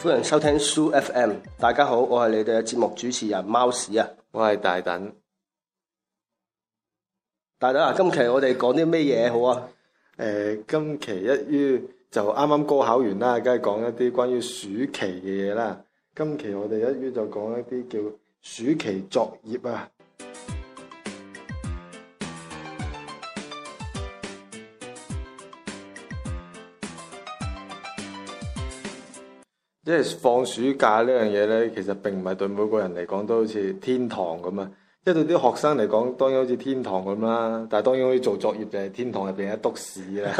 歡迎收聽 Soo FM，大家好，我係你哋嘅節目主持人貓屎啊，我係大等。大等啊，今期我哋講啲咩嘢好啊？誒、呃，今期一於就啱啱高考完啦，梗係講一啲關於暑期嘅嘢啦。今期我哋一於就講一啲叫暑期作業啊。即係、yes, 放暑假呢樣嘢咧，其實並唔係對每個人嚟講都好似天堂咁啊！即係對啲學生嚟講，當然好似天堂咁啦，但係當然可以做作業就係天堂入邊一督屎啦。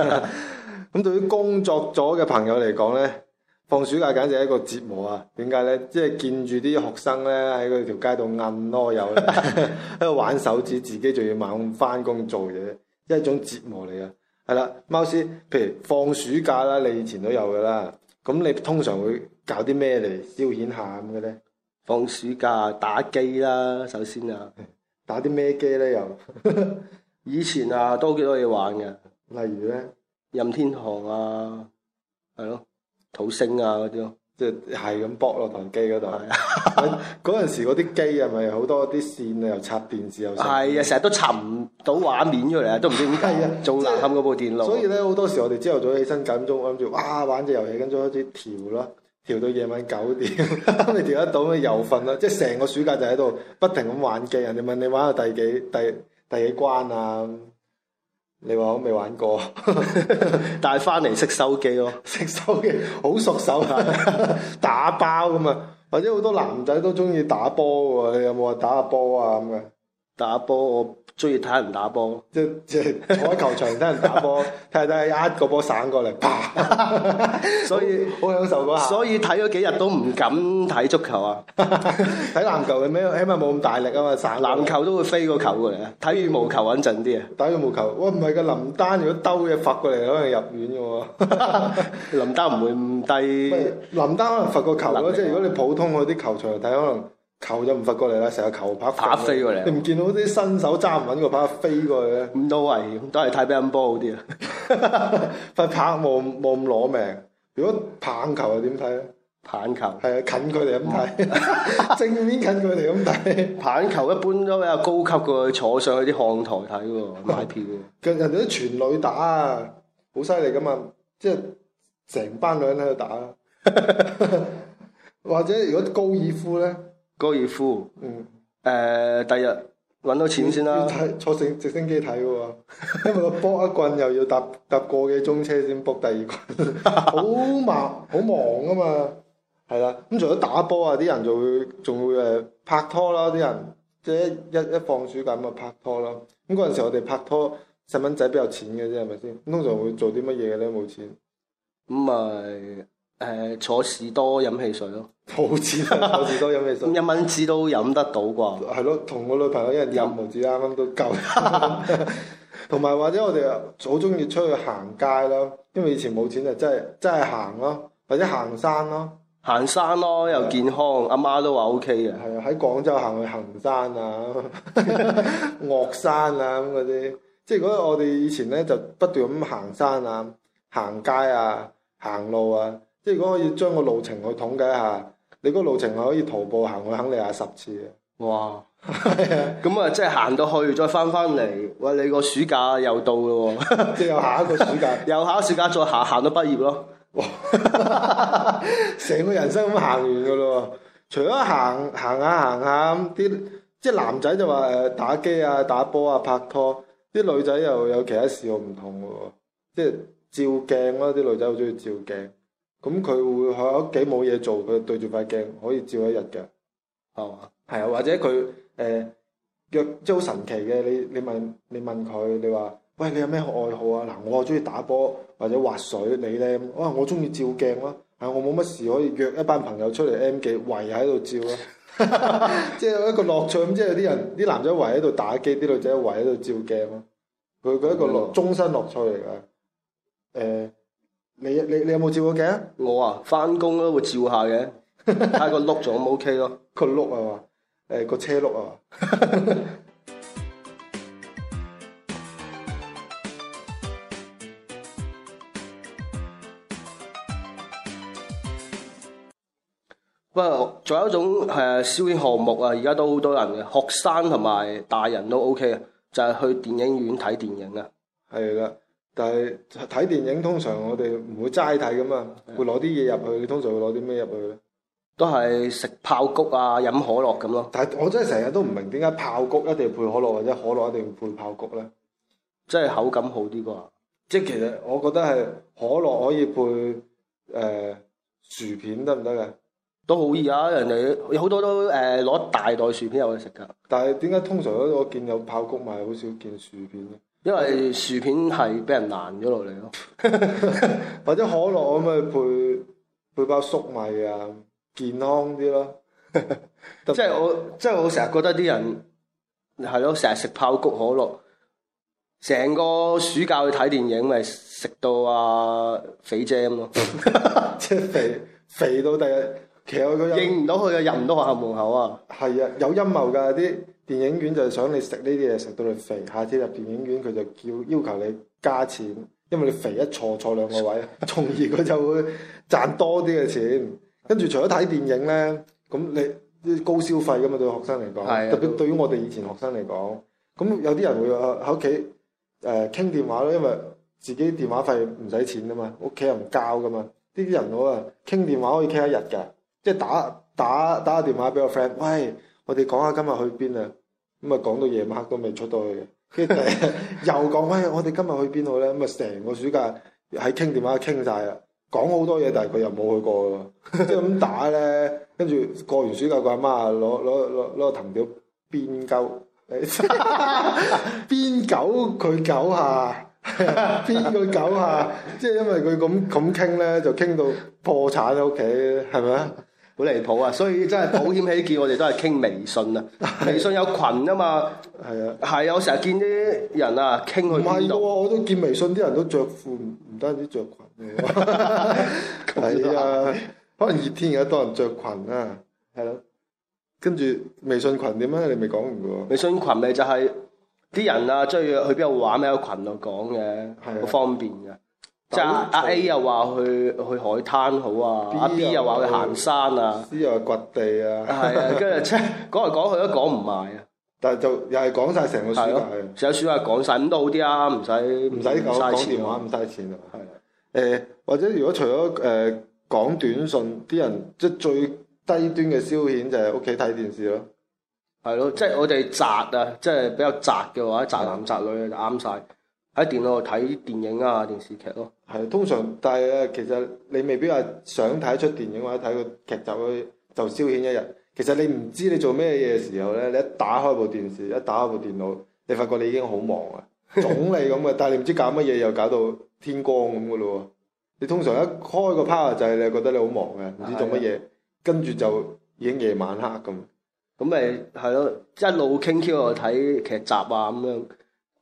咁對、 嗯、於工作咗嘅朋友嚟講咧，放暑假簡直係一個折磨啊！點解咧？即、就、係、是、見住啲學生咧喺個條街度摁囉友，喺度 玩手指自，自己仲要猛翻工做嘢，一種折磨嚟啊！係啦，貓師，譬如放暑假啦，你以前都有噶啦，咁你,你通常,常會。搞啲咩嚟消遣下咁嘅咧？放暑假打機啦，首先啊，打啲咩機咧？又 以前啊，都多幾多嘢玩嘅，例如咧，任天堂啊，係咯，土星啊嗰啲咯，即係咁搏落台機嗰度。嗰陣時嗰啲機係咪好多啲線啊？又 插電視又係啊！成日都插唔到畫面出嚟啊！都唔知點解啊！重難堪嗰部電腦。所以咧，好多時我哋朝頭早起身九點鐘，諗住哇，玩隻遊戲跟住開始調啦。調到夜晚九點， 你調得到咩？又瞓啦，即係成個暑假就喺度不停咁玩機。人哋問你玩到第幾第第幾關啊？你話我未玩過， 但係翻嚟識收機咯，哦，識 收機好熟手 有有啊，打包咁啊。或者好多男仔都中意打波嘅，你有冇話打下波啊咁嘅？打波我。中意睇人打波，即係即係坐喺球場睇人打波，睇下睇下，一個波散過嚟，所以好享受嗰下。所以睇咗幾日都唔敢睇足球啊 籃球！睇籃球嘅咩？起碼冇咁大力啊嘛，散籃球， 球都會飛個球過嚟啊！睇羽毛球穩陣啲啊！ 打羽毛球，哇唔係嘅，林丹如果兜嘢發過嚟，可能入院嘅 林丹唔會唔？低， 林丹可能發個球咁。能力 即係如果你普通去啲球場睇，可能。球就唔發過嚟啦成日球拍拍飛過嚟，你唔見到啲新手揸唔穩個拍飛過去咧？咁都係，都係睇乒乓波好啲啊！塊拍冇冇咁攞命。如果棒球又點睇咧？棒球係啊，近距離咁睇， 正面近距離咁睇。棒球一般都比較高級過去坐上去啲看台睇喎，買票。 人哋啲全女打啊，好犀利噶嘛！即係成班女人喺度打， 或者如果高爾夫咧？高爾夫，嗯，誒，第日揾到錢先啦。坐直升直升機睇嘅喎，因為個 book 一棍又要搭搭過幾鐘車先 book 第二棍，好忙好忙啊嘛。係啦，咁除咗打波啊，啲人就會仲會誒拍拖啦，啲人即係一一放暑假咁啊拍拖咯。咁嗰陣時我哋拍拖，細蚊仔比較錢嘅啫，係咪先？通常會做啲乜嘢咧？冇錢，咁咪。誒、啊，坐士多飲汽水咯，冇錢坐士多飲汽水，一蚊紙都飲得到啩？係咯，同我女朋友一人飲毫紙，啱啱都夠。同 埋或者我哋好中意出去行街咯，因為以前冇錢就真係真係行咯，或者行山咯，行山咯又健康，阿媽的都話 O K 嘅。係啊，喺廣州行去行山啊， 岳山啊咁嗰啲，即係嗰我哋以前咧就不斷咁行山啊、行街啊、行路啊。即係如果可以將個路程去統計一下，你嗰個路程係可以徒步行去肯尼亞十次嘅。哇！咁啊，即係行到去再翻翻嚟，喂，你個暑假又到喇喎， 即係又下一個暑假， 又下一個暑假再行行到畢業咯。哇！成個人生咁行完嘅咯，除咗行行下行下啲，即係男仔就話誒打機啊、打波啊、拍拖，啲女仔又有其他事我唔同嘅喎，即係照鏡咯，啲女仔好中意照鏡。咁佢、嗯、會喺屋企冇嘢做，佢對住塊鏡可以照一日嘅，係嘛吧？係啊，或者佢誒、呃、約即係好神奇嘅。你你問你問佢，你話喂你有咩愛好啊？嗱，我啊中意打波或者滑水，你咧哇我中意照鏡咯，係我冇乜事可以約一班朋友出嚟 M 記圍喺度照咯，即係 一個樂趣咁。即係有啲人啲男仔圍喺度打機，啲女仔圍喺度照鏡咯。佢佢一個樂終身 樂趣嚟㗎，誒、呃。你你你有冇照過鏡？我啊，翻工都會照下嘅，睇個碌仲 O K 咯。個碌係嘛？誒個車碌啊！不過仲有一種係消遣項目啊，而家都好多人嘅，學生同埋大人都 O K 嘅，就係去電影院睇電影啊。係啦。 但係睇電影通常我哋唔會齋睇咁嘛，會攞啲嘢入去。你通常會攞啲咩入去咧？都係食爆谷啊，飲可樂咁、啊、咯。但係我真係成日都唔明點解爆谷一定要配可樂，或者可樂一定要配爆谷咧？即係口感好啲啩？即係其實我覺得係可樂可以配誒、呃、薯片得唔得嘅？都好易啊！人哋好多都誒攞、呃、大袋薯片入去食㗎。但係點解通常我都見有爆谷咪好少見薯片咧？因為薯片係俾人爛咗落嚟咯，或者可樂咁咪配配包粟米啊，健康啲咯。 即係我 即係我成日 覺得啲人係咯，成日食爆谷可樂，成個暑假去睇電影咪食到阿、啊、肥姐咁咯 ，即係肥肥到第日，其實佢認唔到佢嘅入唔到學校門口啊。係啊，有陰謀噶啲。電影院就係想你食呢啲嘢，食到你肥。下次入電影院佢就叫要求你加錢，因為你肥一坐坐兩個位， 從而佢就會賺多啲嘅錢。跟住除咗睇電影呢，咁你高消費噶嘛？對學生嚟講，是的 特別對於我哋以前學生嚟講，咁有啲人會喺屋企誒傾電話咯，因為自己電話費唔使錢啊嘛，屋企人唔交噶嘛。呢啲人我啊傾電話可以傾一日噶，即係打打打個電話俾個 friend，喂。我哋講下今日去邊啊？咁啊講到夜晚黑都未出到去嘅，跟住又講返，我哋今日去邊度咧？咁啊成個暑假喺傾電話傾晒啦，講好多嘢，但係佢又冇去過喎。即係咁打咧，跟住過完暑假佢阿媽攞攞攞攞個藤條鞭鳩， 鞭鳩佢鳩下，鞭佢鳩下，鞭鞭下 即係因為佢咁咁傾咧，就傾到破產喺屋企，係咪啊？好離譜啊！所以真係保險起見，我哋都係傾微信啊。 微信有群啊嘛。係 啊。係啊，啊，我成日見啲人啊傾佢。唔係喎，我都見微信啲人都着褲，唔唔單止着裙嘅。係啊，可能熱天而、啊、家多人着裙啊。係咯、啊。跟住微信群點啊？你未講完喎。微信群咪就係啲人啊，追去邊度玩喺有群度講嘅，好、 啊、方便嘅。 即係阿 A 又話去去海灘好啊，b B 又話去行山啊，c 又話掘地啊，係，跟住即係講嚟講去都講唔埋啊。 但係就又係講晒成個暑假。成個暑假講晒，咁都好啲啊，唔使唔使講講電話唔使錢啊，係。誒、呃、或者如果除咗誒、呃、講短信，啲人即係最低端嘅消遣就係屋企睇電視咯。係咯，即、就、係、是、我哋宅啊，即、就、係、是、比較宅嘅話，宅男宅女就啱晒。喺電腦度睇電影啊電視劇咯，啊，係通常，但係其實你未必話想睇一出電影或者睇個劇集去就消遣一日。其實你唔知你做咩嘢嘅時候呢，嗯、你一打開部電視，一打開部電腦，你發覺你已經好忙啊，總係咁嘅。 但係你唔知搞乜嘢，又搞到天光咁噶咯。你通常一開個 p a r t 就掣，你又覺得你好忙嘅，唔知做乜嘢，跟住、嗯、就已經夜晚黑咁。咁咪係咯，一路傾 Q 又睇劇集啊咁樣，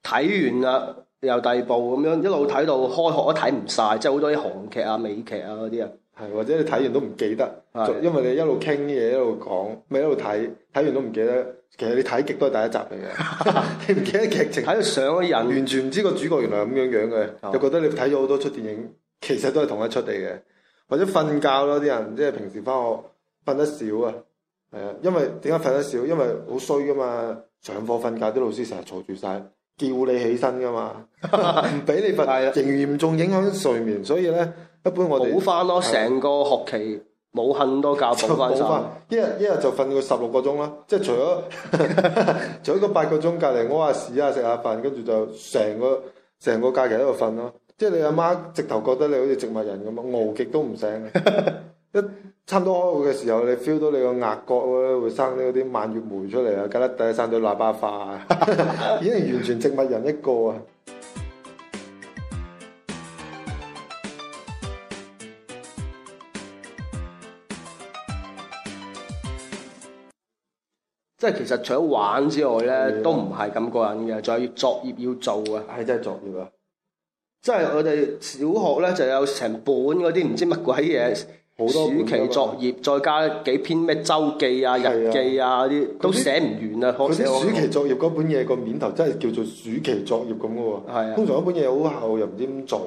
睇完啦。嗯由第二部咁樣一路睇到開學都睇唔晒，即係好多啲韓劇啊、美劇啊嗰啲啊。係或者你睇完都唔記得，的因為你一路傾啲嘢一路講，咪一路睇，睇完都唔記得。其實你睇極都係第一集嚟嘅， 你唔記得劇情，喺度上個人完全唔知個主角原來係咁樣樣嘅，又、哦、覺得你睇咗好多出電影，其實都係同一出嚟嘅。或者瞓覺咯，啲人即係平時翻學瞓得少啊。係啊，因為點解瞓得少？因為好衰噶嘛，上課瞓覺啲老師成日嘈住晒。叫你起身噶嘛，唔俾 你瞓，的仍然嚴重影響睡眠。所以咧，一般我哋好翻咯，成是個學期冇咁多覺瞓翻。一日一日就瞓個十六個鐘啦，即係除咗 除咗個八個鐘隔離，屙下屎啊，食下飯，跟住就成個成個假期喺度瞓咯。即係你阿媽，媽直頭覺得你好似植物人咁啊，熬極都唔醒。一 差唔多開會嘅時候，你 feel 到你個額角咧會生呢啲蔓越莓出嚟啊！吉拉蒂生朵喇叭花啊！已經完全植物人一個啊！即係其實除咗玩之外咧，的都唔係咁過癮嘅，仲有要作業要做啊！係真係作業啊！即係我哋小學咧就有成本嗰啲唔知乜鬼嘢。多暑期作業吧，再加幾篇咩周記啊、是啊日記啊啲，都寫唔完啊！暑期作業嗰本嘢個面頭真係叫做暑期作業咁嘅喎。係啊，通常嗰本嘢好厚，又唔知點做。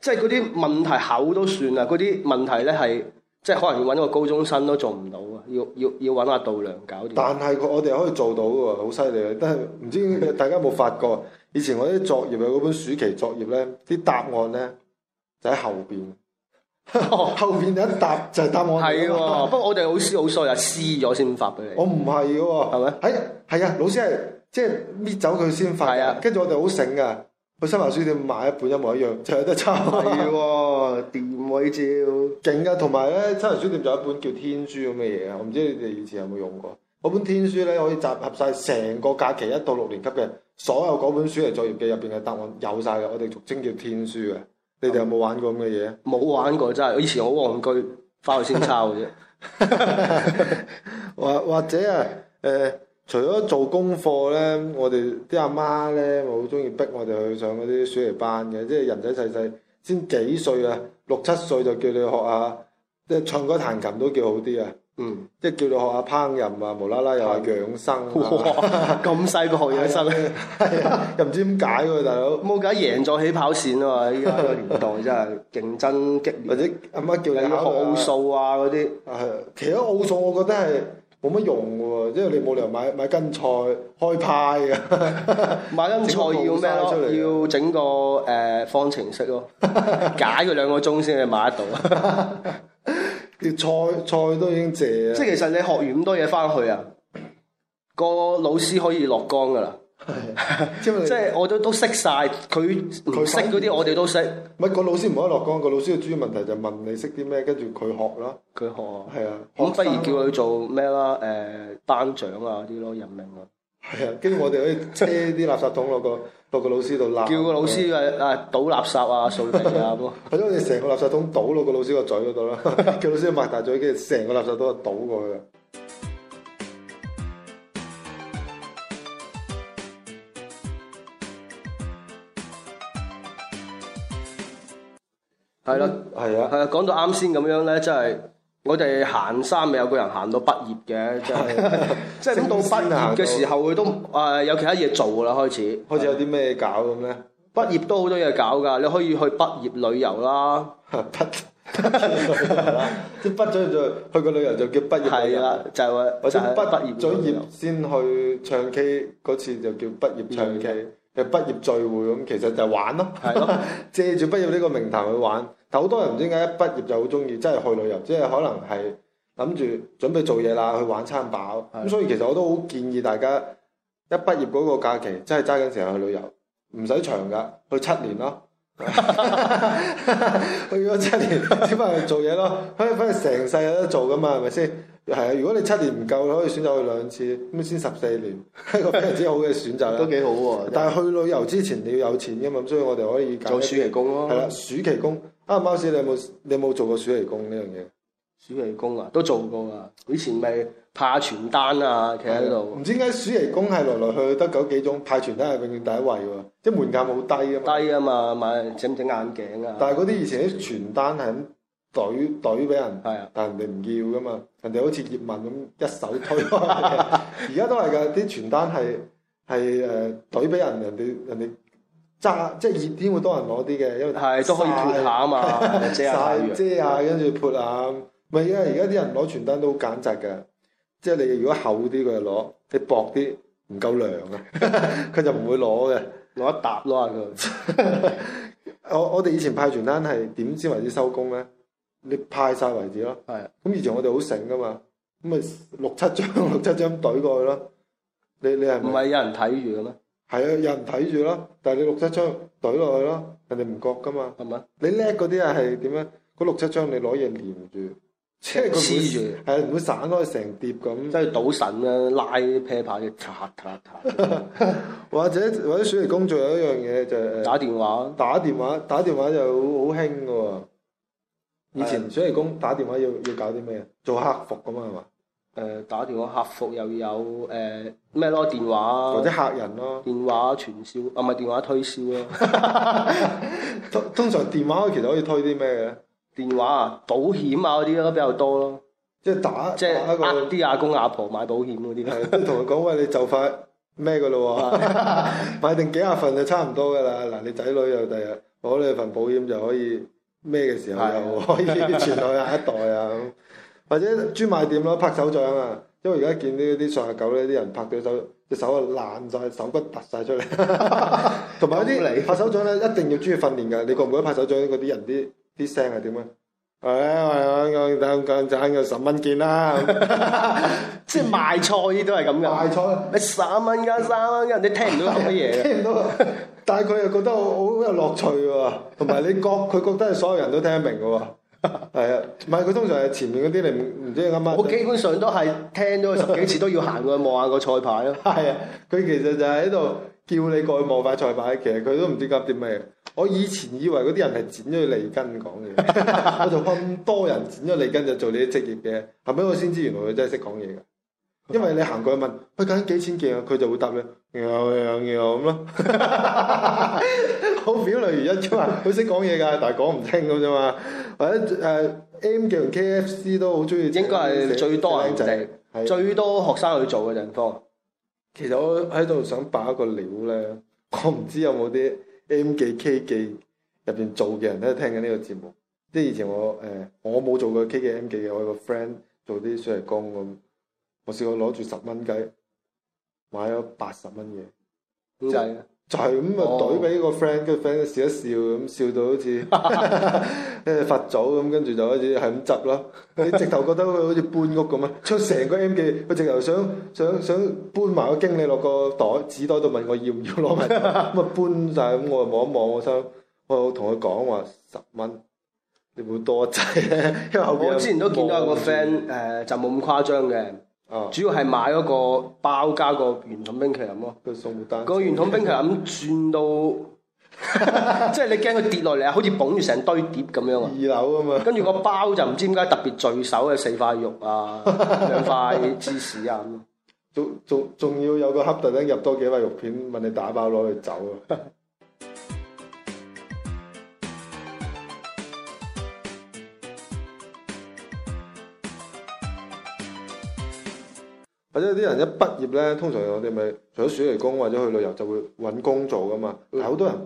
即係嗰啲問題厚都算啦，嗰啲、嗯、問題咧係即係可能要揾個高中生都做唔到啊！要要要揾阿道亮搞掂。但係我哋可以做到喎，好犀利啊！但係唔知大家有冇發覺？嗯、以前我啲作業啊，嗰本暑期作業咧，啲答案咧就喺後邊。 後面一答就係答案咯、 哦。係喎，不過我哋老師好衰啊，撕咗先發俾你。我唔係喎，係咪嗎？喺係啊，老師係即係搣走佢先快啊，跟住 的我哋好醒噶，去新華書店買一本一模一樣，全部都抄。係喎，位韋照勁啊，同埋咧，新華書店仲有一本叫《天書》咁嘅嘢啊。我唔知你哋以前有冇用過？嗰本《天書呢》咧可以集合晒成個假期一到六年級嘅所有嗰本書嚟作業記入邊嘅答案有晒嘅，我哋俗稱叫《天書》嘅。你哋有冇玩過咁嘅嘢？冇玩過，真係，我以前好戇居，翻去先抄嘅啫。或 或者啊，誒、呃，除咗做功課咧，我哋啲阿媽咧，我好中意逼我哋去上嗰啲暑期班嘅，即係人仔細細先幾歲啊，六七歲就叫你學下，即係唱歌彈琴都叫好啲啊。嗯，即係叫你學下烹飪啊，無啦啦又話養生，咁細個學養生，又唔知點解喎，大佬，冇計贏咗起跑綫啊嘛，依家個年代真係競爭激烈，或者乜叫你學奧數啊嗰啲，其實奧數我覺得係冇乜用嘅，因為你冇理由買買根菜開派啊，買根菜要咩咯？要整個誒方程式咯，解佢兩個鐘先至買得到。啲菜菜都已經借啊！即係其實你學完咁多嘢翻去啊，個 老師可以落崗噶啦。即係我都都識晒佢，佢識嗰啲我哋都識。唔係個老師唔可以落崗，個老師嘅主要問題就係問你識啲咩，跟住佢學咯。佢學係啊。咁不如叫佢做咩啦，啊？誒、呃，班長啊啲咯，啊，任命啊。係啊，跟住我哋可以車啲垃圾桶落個落個老師度鬧，叫個老師啊啊倒垃圾啊掃地啊咁咯。係咯，你成個垃圾桶倒落個老師個嘴嗰度啦，叫老師擘大嘴，跟住成個垃圾桶啊倒過去啦。係 啦樂，係、 嗯、啊，係啊，講 到啱先咁樣咧，就係。我哋行山咪有個人行到畢業嘅，即係即係到畢業嘅時候，佢都誒有其他嘢做啦。開始開始有啲咩搞咁咧？畢業都好多嘢搞㗎，你可以去畢業旅遊啦。畢畢咗業就去個旅遊就叫畢業旅遊，係啊，就係話畢畢業咗業先去唱 K 嗰次就叫畢業唱 K。嘅畢業聚會咁，其實就玩咯，借住的 畢業呢個名頭去玩。但好多人唔知點解一畢業就好中意，真係去旅遊，即係可能係諗住準備做嘢啦，去玩餐飽。咁的所以其實我都好建議大家一畢業嗰個假期，真係揸緊時間去旅遊，唔使長㗎，去七年咯。 去咗七年，先翻 去做嘢咯。反正反正成世有得做噶嘛，係咪先？係啊，如果你七年唔夠，你可以選擇去兩次。咁先十四年， 一個非常之好嘅選擇都幾好喎，啊！但係去旅遊之前你要有錢噶嘛，所以我哋可以做暑期工咯，啊。係啦，暑期工。啊，啱唔啱先，你有冇你有冇做過暑期工呢樣嘢？暑期工啊，都做過啊！以前咪～派傳單啊，企喺度。唔知點解暑期工係來來去去得九幾種，派傳單係永遠第一位喎。即門檻好低啊嘛。低啊嘛，買整唔整眼鏡啊。但係嗰啲以前啲傳單係咁隊隊俾人，啊、但係人哋唔要噶嘛。人哋好似葉問咁一手推。而家 都係㗎，啲傳單係係誒隊俾人，人哋人哋揸，即係熱天會多人攞啲嘅，因為係都可以潑下啊嘛， 曬遮下，跟住潑啊。咪因為而家啲人攞傳單都好簡直嘅。即係你如果厚啲，佢就攞；你薄啲唔夠量啊，佢 就唔會攞嘅，攞 一沓攞下佢。 我我哋以前派傳單係點先為止收工咧？你派晒為止咯。係的。咁以前我哋好醒噶嘛，咁咪六七張六七張對過去咯。你你係唔係？唔係有人睇住嘅咩？係啊，有人睇住咯，但係你六七張對落去咯，人哋唔覺噶嘛。係咪的？你叻嗰啲啊係點樣？嗰六七張你攞嘢連住。即係黐住，係唔天、啊、會散開成碟咁。即係賭神啦、啊，拉 pair 牌嘅，擦擦擦。或者或者，暑期工仲有一樣嘢就係、是、打電話。打電話，打電話就好好興噶。以前暑期工打電話要要搞啲咩啊？做客服噶嘛係嘛？誒，打電話客服又要有誒咩咯？電話或者客人咯、啊？電話傳銷啊，唔係電話推銷咯、啊。 通通常電話其實可以推啲咩嘅？電話啊、保險啊嗰啲應該都比較多咯，即係打即係一個啲阿公阿婆買保險嗰啲，同佢講喂，你就快咩噶嘞喎， 買定幾廿份就差唔多噶啦。嗱、哦，你仔女又第日攞你份保險就可以咩嘅時候又可以傳去下一代啊咁。 或者專賣店咯，拍手掌啊，因為而家見呢啲上下九呢啲人拍對手隻手啊爛晒，手骨凸晒出嚟，同埋啲拍手掌咧一定要專業訓練㗎。你覺唔覺得拍手掌嗰啲人啲？啲聲係點啊？誒，我我我我賺個十蚊件啦， 即係賣菜都係咁嘅，賣菜，你三蚊斤三蚊斤，你聽唔到咁乜嘢？聽唔到，但係佢又覺得好有樂趣喎，同埋你覺佢覺得係所有人都聽得明嘅喎。係啊，唔係佢通常係前面嗰啲你唔唔知啱唔啱。我基本上都係聽咗十幾次都要行過去望下個菜牌咯。係啊、哎，佢其實就喺度叫你過去望下菜牌，其實佢都唔知講啲咩。我以前以為嗰啲人係剪咗脷根講嘢， 我就咁多人剪咗脷根就做呢啲職業嘅。後尾我先知原來佢真係識講嘢㗎，因為你行過去問佢究竟幾錢件，佢就會答你有有有咁咯。好表例如一出，佢識講嘢㗎，但係講唔清咁啫嘛。或者誒、啊、M 記同 KFC 都好中意。應該係最多係俊最多學生去做嘅人多。是是其實我喺度想爆個料咧，我唔知有冇啲。M 記 K 記入邊做嘅人都聽緊呢個節目，即係以前我誒、呃，我冇做過 K 記 M 記嘅，ay, 我有個 friend 做啲水泥工咁，我試過攞住十蚊雞買咗八十蚊嘢，好、就、濟、是 mm hmm. 就係咁啊，懟俾、oh. 個 friend，跟個 friend 笑一笑咁，笑到好似，即係發早咁，跟住就開始係咁執咯。你 直頭覺得佢好似搬屋咁啊，出成個 M 記，佢直頭想想想搬埋個經理落個袋紙袋度，問我要唔要攞埋，咁啊 搬晒咁，我望一望，我收，我同佢講話十蚊，你會多滯咧。 因為我之前都見到有個 friend，誒、呃、就冇咁誇張嘅。哦、主要係買嗰個包加個圓筒冰淇淋咯，木個送貨單。個圓筒冰淇淋轉到，即係你驚佢跌落嚟啊！好似捧住成堆碟咁樣啊！二樓啊嘛。跟住個包就唔知點解特別聚首嘅四塊肉啊，兩塊芝士啊咁。仲仲仲要有個黑特登入多幾塊肉片，問你打包攞去走啊！即係啲人一畢業咧，通常我哋咪除咗暑期工或者去旅遊，就會揾工做噶嘛。但好多人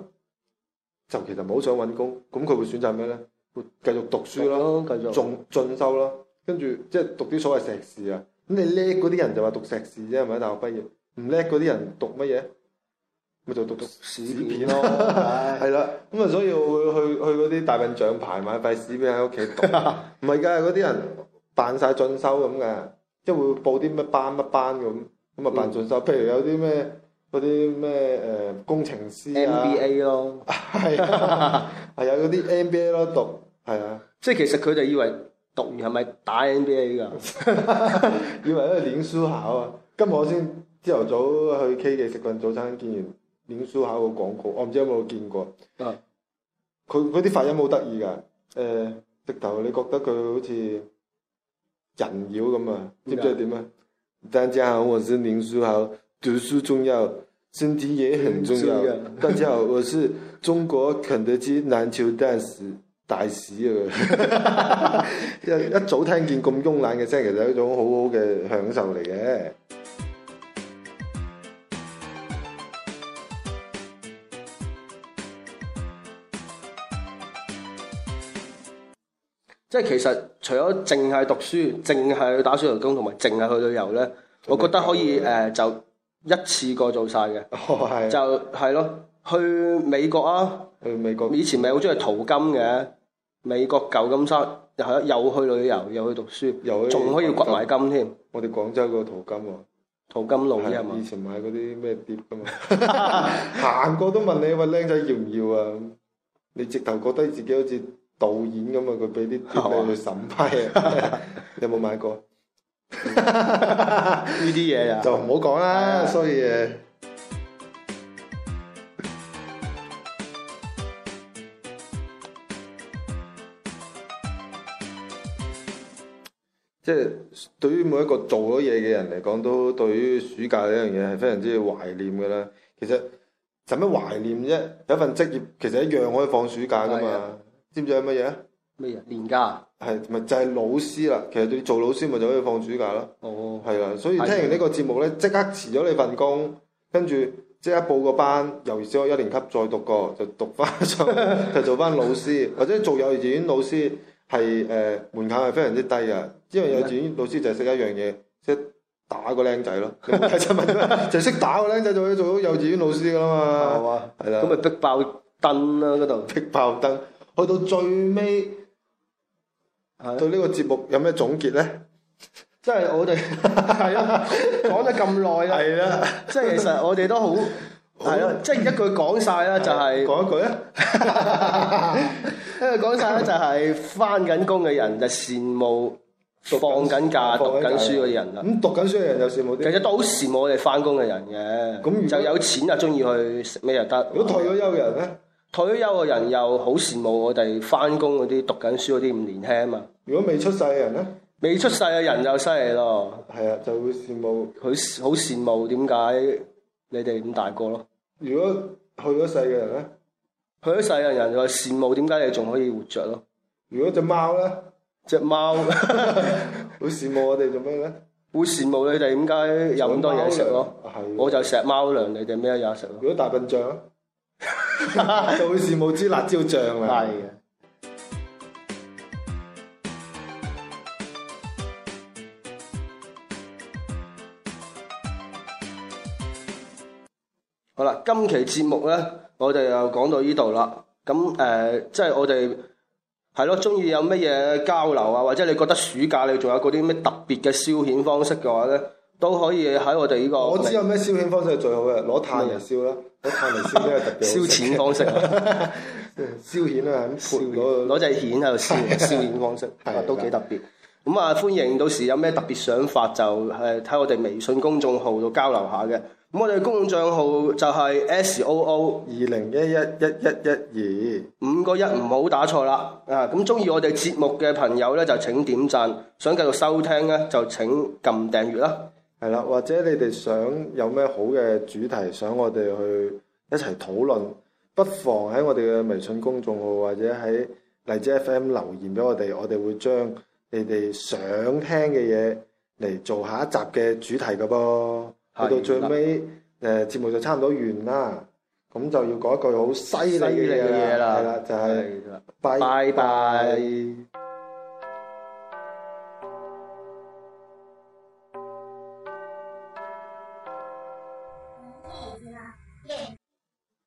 就其實唔好想揾工，咁佢會選擇咩咧？會繼續讀書咯，讀啊、繼續進進修咯。跟住即係讀啲所謂碩士啊。咁你叻嗰啲人就話讀碩士啫，係咪？大學畢業唔叻嗰啲人讀乜嘢？咪就讀讀屎片咯，係啦。咁啊， 所以我會去去嗰啲大笨象牌買塊屎片喺屋企讀。唔係㗎，嗰啲人扮晒進修咁㗎。即係會報啲乜班乜班咁，咁啊辦進修。嗯、譬如有啲咩嗰啲咩誒工程師 NBA 咯，係係有嗰啲 NBA 咯、 啊、讀，係啊。即係其實佢哋以為讀完係咪打 NBA 噶？ 以為係練書考啊。今日我先朝頭早去 K 記食份早餐，見完練、嗯、書考個廣告，我唔知有冇見過。啊！佢佢啲發音好得意噶，誒、呃，直頭你覺得佢好似？人妖咁啊，知唔知點啊？大家好，我是林書豪，讀書重要，身體也很重要。大家好，我是中國肯德基籃球大使大使啊！一早聽見咁慵懶嘅聲，其實係一種好好嘅享受嚟嘅。即係其實，除咗淨係讀書、淨係去打暑期工同埋淨係去旅遊咧，我覺得可以誒、呃，就一次過做晒嘅。哦、就係咯，去美國啊！去美國。以前咪好中意淘金嘅，美國，美國舊金山又係又去旅遊，又去讀書，仲可以掘埋金添。我哋廣州個淘金喎、哦，淘金路係、啊、嘛？的的以前買嗰啲咩碟㗎嘛， 行過都問你個僆仔要唔要啊？你直頭覺得自己好似～導演咁嘛，佢俾啲條例去審批啊， 有冇買過？呢啲嘢啊，就唔好講啦。 所以，即係對於每一個做咗嘢嘅人嚟講，都對於暑假呢樣嘢係非常之懷念㗎啦。其實使乜懷念啫？有份職業，其實一樣可以放暑假噶嘛。嗯 知唔知係乜嘢？咩嘢？年假係咪就係老師啦？其實你做老師咪就可以放暑假啦。哦，係啦。所以聽完呢個節目咧，即刻辭咗你份工，跟住即刻報個班，由小學一年級再讀過，就讀翻就就做翻老師，或者做幼稚園老師，係誒門檻係非常之低噶，因為幼稚園老師就係識一樣嘢，即打個僆仔咯。就識打個僆仔就可以做到幼稚園老師噶啦嘛。係嘛？係啦。咁咪逼爆燈啦！嗰度逼爆燈。去到最尾，對呢個節目有咩總結咧？即係我哋係啊，講咗咁耐啦。係啦，即係其實我哋都好係啊，即係一句講晒啦，就係講一句啦，一句講晒啦，就係翻緊工嘅人就羨慕放緊假讀緊書嘅人啦。咁讀緊書嘅人就羨慕啲，其實都好羨慕我哋翻工嘅人嘅，咁就有錢又中意去食咩又得。如果退咗休嘅人咧？退休嘅人又好羨慕我哋翻工嗰啲讀緊書嗰啲，咁年輕嘛。如果未出世嘅人咧？未出世嘅人就犀利咯。係啊，就會羨慕佢，好羨慕，點解你哋咁大個咯？如果去咗世嘅人咧？去咗世嘅人就羨慕，點解你仲可以活着咯？如果隻貓咧？隻貓，好羨慕我哋做咩咧？會羨慕你哋點解有咁多嘢食咯？係人。我就食貓糧，你哋咩嘢食咯？如果大笨象？ 做時冇支辣椒醬啊 的！係嘅。好啦，今期節目咧，我哋又講到呢度啦。咁誒、呃，即係我哋係咯，中意有乜嘢交流啊？或者你覺得暑假你仲有嗰啲咩特別嘅消遣方式嘅話咧？都可以喺我哋呢個。我知有咩消遣方式係最好嘅，攞炭嚟燒啦，攞炭嚟燒真係特別。消遣方式，消遣啊，咁消攞攞隻蜆喺度燒，消遣方式都幾特別。咁啊，歡迎到時有咩特別想法就係睇我哋微信公眾號度交流下嘅。咁我哋公眾帳號就係 S O O 二零一一一一一二五個一，唔好打錯啦。啊，咁中意我哋節目嘅朋友咧就請點讚，想繼續收聽咧就請撳訂閱啦。係啦，或者你哋想有咩好嘅主題，想我哋去一齊討論，不妨喺我哋嘅微信公眾號或者喺荔枝 FM 留言俾我哋，我哋會將你哋想聽嘅嘢嚟做下一集嘅主題嘅噃。去、嗯、到最尾，誒節來、呃、目就差唔多完啦，咁就要講一句好犀利嘅嘢啦，了係啦，就係、是、拜拜。拜拜。